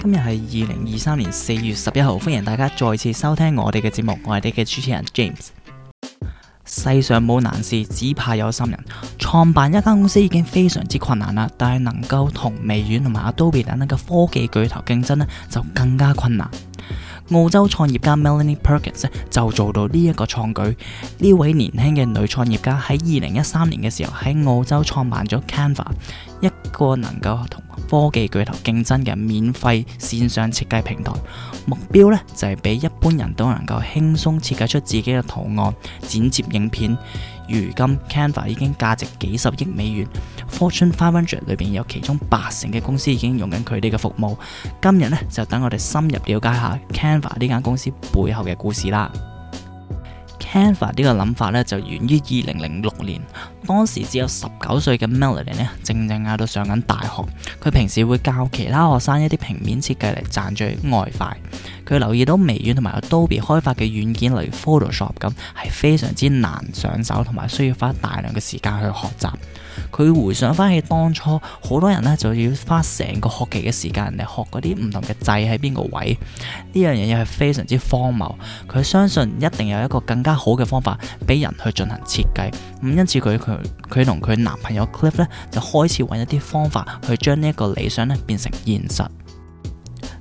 今日係二零二三年四月十一號，歡迎大家再次收聽我哋嘅節目。我哋嘅主持人 James。世上冇難事，只怕有心人。創辦一間公司已經非常之困難啦，但係能夠同微軟同埋 Adobe 等等嘅科技巨頭競爭呢，就更加困難。澳洲創業家 Melanie Perkins 就做到呢一個創舉。呢位年輕嘅女創業家喺二零一三年嘅時候喺澳洲創辦咗 Canva，一個能夠同科技巨頭競爭嘅免費線上設計平台。目標呢就係俾一般人都能夠輕鬆設計出自己嘅圖案、剪接影片。如今 Canva 已經價值幾十億美元。Fortune Five Hundred 裏邊有其中八成嘅公司已經用緊佢哋嘅服務，今日咧就等我哋深入了解下 Canva 呢間公司背後嘅故事啦。Canva 呢個諗法咧就源於二零零六。年當時只有十九歲嘅 Melanie 咧，正正喺度上緊大學。佢平時會教其他學生一啲平面設計嚟賺取外快。佢留意到微軟同埋 Adobe 開發嘅軟件，例如 Photoshop 咁，係非常之難上手，同埋需要花大量嘅時間去學習。佢回想翻起當初，好多人咧就要花成個學期嘅時間嚟學嗰啲唔同嘅掣喺邊個位呢樣嘢，又係非常之荒謬。佢相信一定有一個更加好嘅方法俾人去進行設計。咁因此佢佢佢同佢男朋友 Cliff 咧，就開始揾一啲方法去將呢一個理想咧變成現實。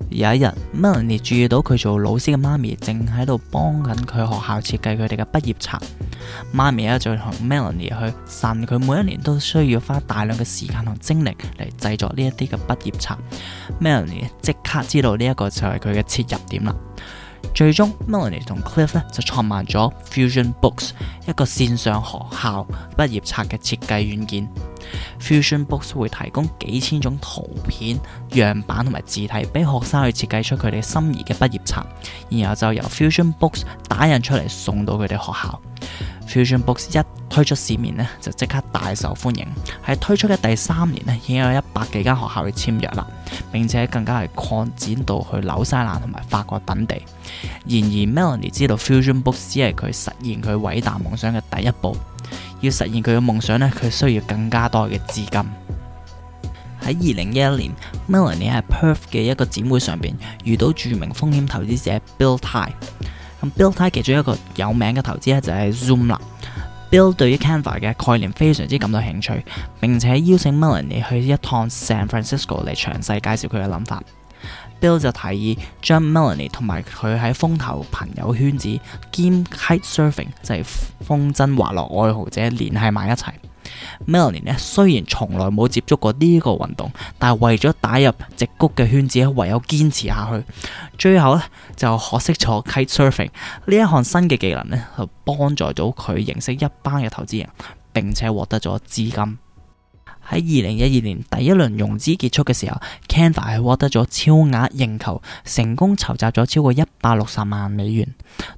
有一日，Melanie 注意到佢做老師嘅媽咪正喺度幫緊佢學校設計佢哋嘅畢業冊。媽咪咧就同 Melanie 去呻，佢每一年都需要花大量嘅時間同精力嚟製作呢一啲嘅畢業冊。Melanie 即刻知道呢一個就係佢嘅切入點啦。最終，Melanie 同 Cliff 咧就創辦咗 Fusion Books，一個線上學校畢業冊嘅設計軟件。Fusion Books 會提供幾千種圖片、樣板同埋字體俾學生去設計出佢哋心儀嘅畢業冊，然後就由 Fusion Books 打印出嚟送到佢哋學校。Fusion Books 一推出市面呢，就即刻大受歡迎。喺推出嘅第三年呢，已經有一百幾間學校去簽約啦。並且更加係擴展到去紐西蘭同埋法國等地。然而，Melanie 知道 Fusion Books 只係佢實現佢偉大夢想嘅第一步。要實現佢嘅夢想呢，佢需要更加多嘅資金。喺二零一一年，Melanie 喺 Perth 嘅一個展會上邊遇到著名風險投資者 Bill Tai。咁 Bill Tai 其中一個有名嘅投資咧就係 Zoom 啦。Bill 對於 Canva 嘅概念非常之感到興趣，並且邀請 Melanie 去一趟 San Francisco 嚟詳細介紹佢嘅諗法。Bill 就提議將 Melanie 同埋佢喺風頭朋友圈子兼 Kite Surfing 就係風箏滑浪愛好者聯繫埋一齊。Melanie 咧雖然從來冇接觸過呢個運動，但係為咗打入直谷嘅圈子，唯有堅持下去。最後咧就學識咗 kite surfing 呢一項新嘅技能咧，就幫助到佢認識一班嘅投資人，並且獲得咗資金。喺二零一二年第一輪融資結束嘅時候，Canva 係獲得咗超額認購，成功籌集咗超過一百六十萬美元，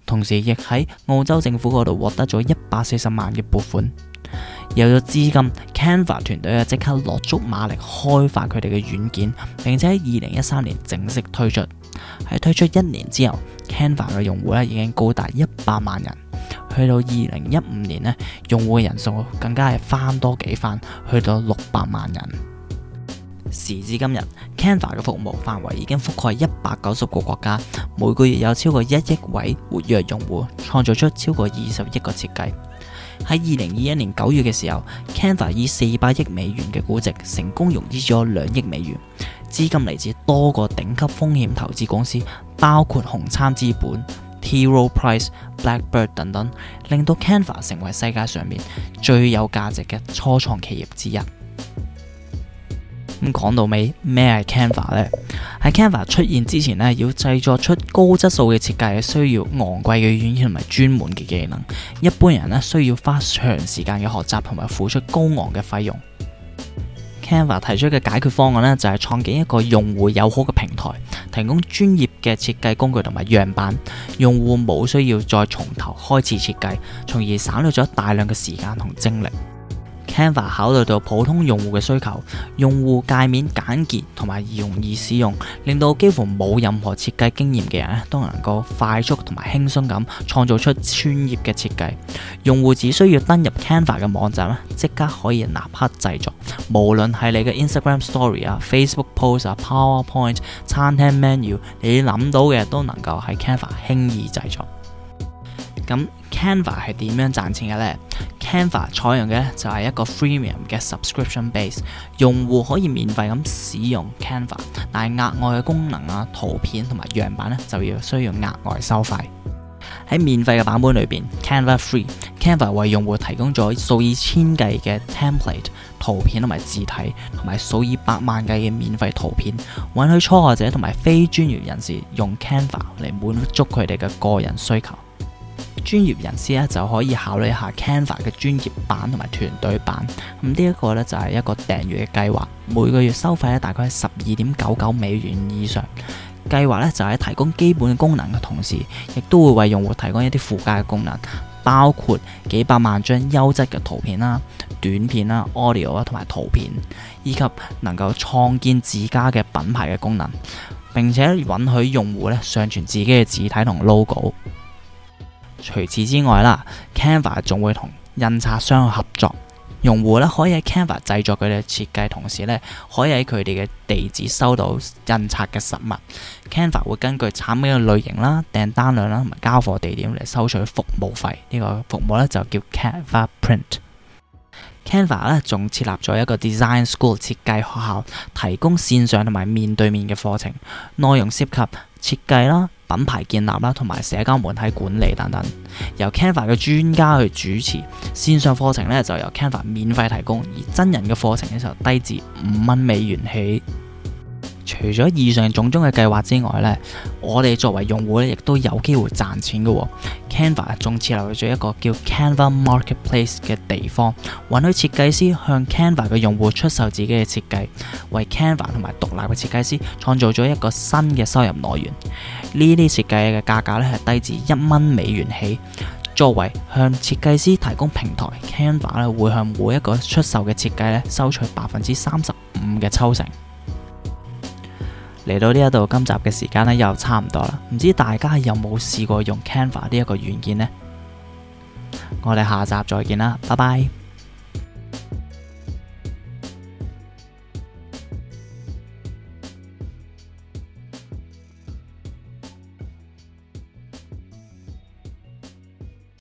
同時亦喺澳洲政府嗰度獲得咗一百四十萬嘅撥款。有咗資金，Canva 團隊啊即刻落足馬力開發佢哋嘅軟件，並且喺二零一三年正式推出。喺推出一年之後，Canva 嘅用戶咧已經高達一百萬人。去到二零一五年咧，用戶嘅人數更加係翻多幾番，去到六百萬人。時至今日，Canva 嘅服務範圍已經覆蓋一百九十個國家，每個月有超過一億位活躍用戶，創造出超過二十億個設計。喺二零二一年九月嘅時候，Canva 以四百億美元嘅估值成功融資咗兩億美元，資金嚟自多個頂級風險投資公司，包括紅杉資本、T. Rowe Price、Blackbird 等等，令到 Canva 成為世界上面最有價值嘅初創企業之一。咁講到尾，咩係 Canva 呢？喺 Canva 出現之前呢，要製作出高質素嘅設計，係需要昂貴嘅軟件同埋專門嘅技能，一般人呢需要花長時間嘅學習同埋付出高昂嘅費用。Canva 提出嘅解決方案呢，就係創建一個用戶友好嘅平台，提供專業嘅設計工具同埋樣板，用戶冇需要再從頭開始設計，從而省略咗大量嘅時間同精力。Canva 考慮到普通用戶嘅需求，用戶界面簡潔同埋容易使用，令到幾乎冇任何設計經驗嘅人咧，都能夠快速同埋輕鬆咁創造出專業嘅設計。用戶只需要登入 Canva 嘅網站咧，即刻可以立刻製作。無論係你嘅 Instagram Story 啊、Facebook Post 啊、PowerPoint、餐廳 menu，你諗到嘅都能夠喺 Canva 輕易製作。咁 Canva 係點樣賺錢嘅呢？Canva 採用嘅就係一個 freemium 嘅 subscription base，用戶可以免費咁使用 Canva，但係額外嘅功能啊、圖片同埋樣板咧，就要需要額外收費。喺免費嘅版本裏邊，Canva Free，Canva 為用戶提供咗數以千計嘅 template 圖片同埋字體，同埋數以百萬計嘅免費圖片，允許初學者同埋非專業人士用 Canva 嚟滿足佢哋嘅個人需求。專業人士咧就可以考慮一下 Canva 嘅專業版同埋團隊版，咁呢一個咧就係一個訂閱嘅計劃，每個月收費咧大概係十二點九九美元以上。計劃咧就喺提供基本功能嘅同時，亦都會為用戶提供一啲附加嘅功能，包括幾百萬張優質嘅圖片啦、短片啦、audio 啊同埋圖片，以及能夠創建自家嘅品牌嘅功能，並且允許用戶咧上傳自己嘅字體同 logo。除此之外啦，Canva 仲會同印刷商合作，用戶咧可以喺 Canva 製作佢哋嘅設計，同時咧可以喺佢哋嘅地址收到印刷嘅實物。Canva 會根據產品嘅類型啦、訂單量啦同埋交貨地點嚟收取服務費。呢個服務咧就叫 Canva Print。Canva 咧仲設立咗一個 Design School 設計學校，提供線上同埋面對面嘅課程，內容涉及設計啦，品牌建立啦，同埋社交媒體管理等等，由 Canva 嘅專家去主持線上課程咧，就由 Canva 免費提供，而真人嘅課程咧就低至五蚊美元起。除咗以上種種嘅計劃之外呢，我哋作為用戶咧，亦都有機會賺錢嘅哦。Canva 仲設立咗一個叫 Canva Marketplace 嘅地方，允許設計師向 Canva 嘅用戶出售自己嘅設計，為 Canva 同埋獨立嘅設計師創造咗一個新嘅收入來源。呢啲設計嘅價格咧係低至一蚊美元起。作為向設計師提供平台，Canva 咧會向每一個出售嘅設計咧收取百分之三十五嘅抽成。嚟到呢一度，今集嘅時間咧，又差唔多啦。唔知大家有冇試過用 Canva 呢一個軟件咧？我哋下集再見啦，拜拜。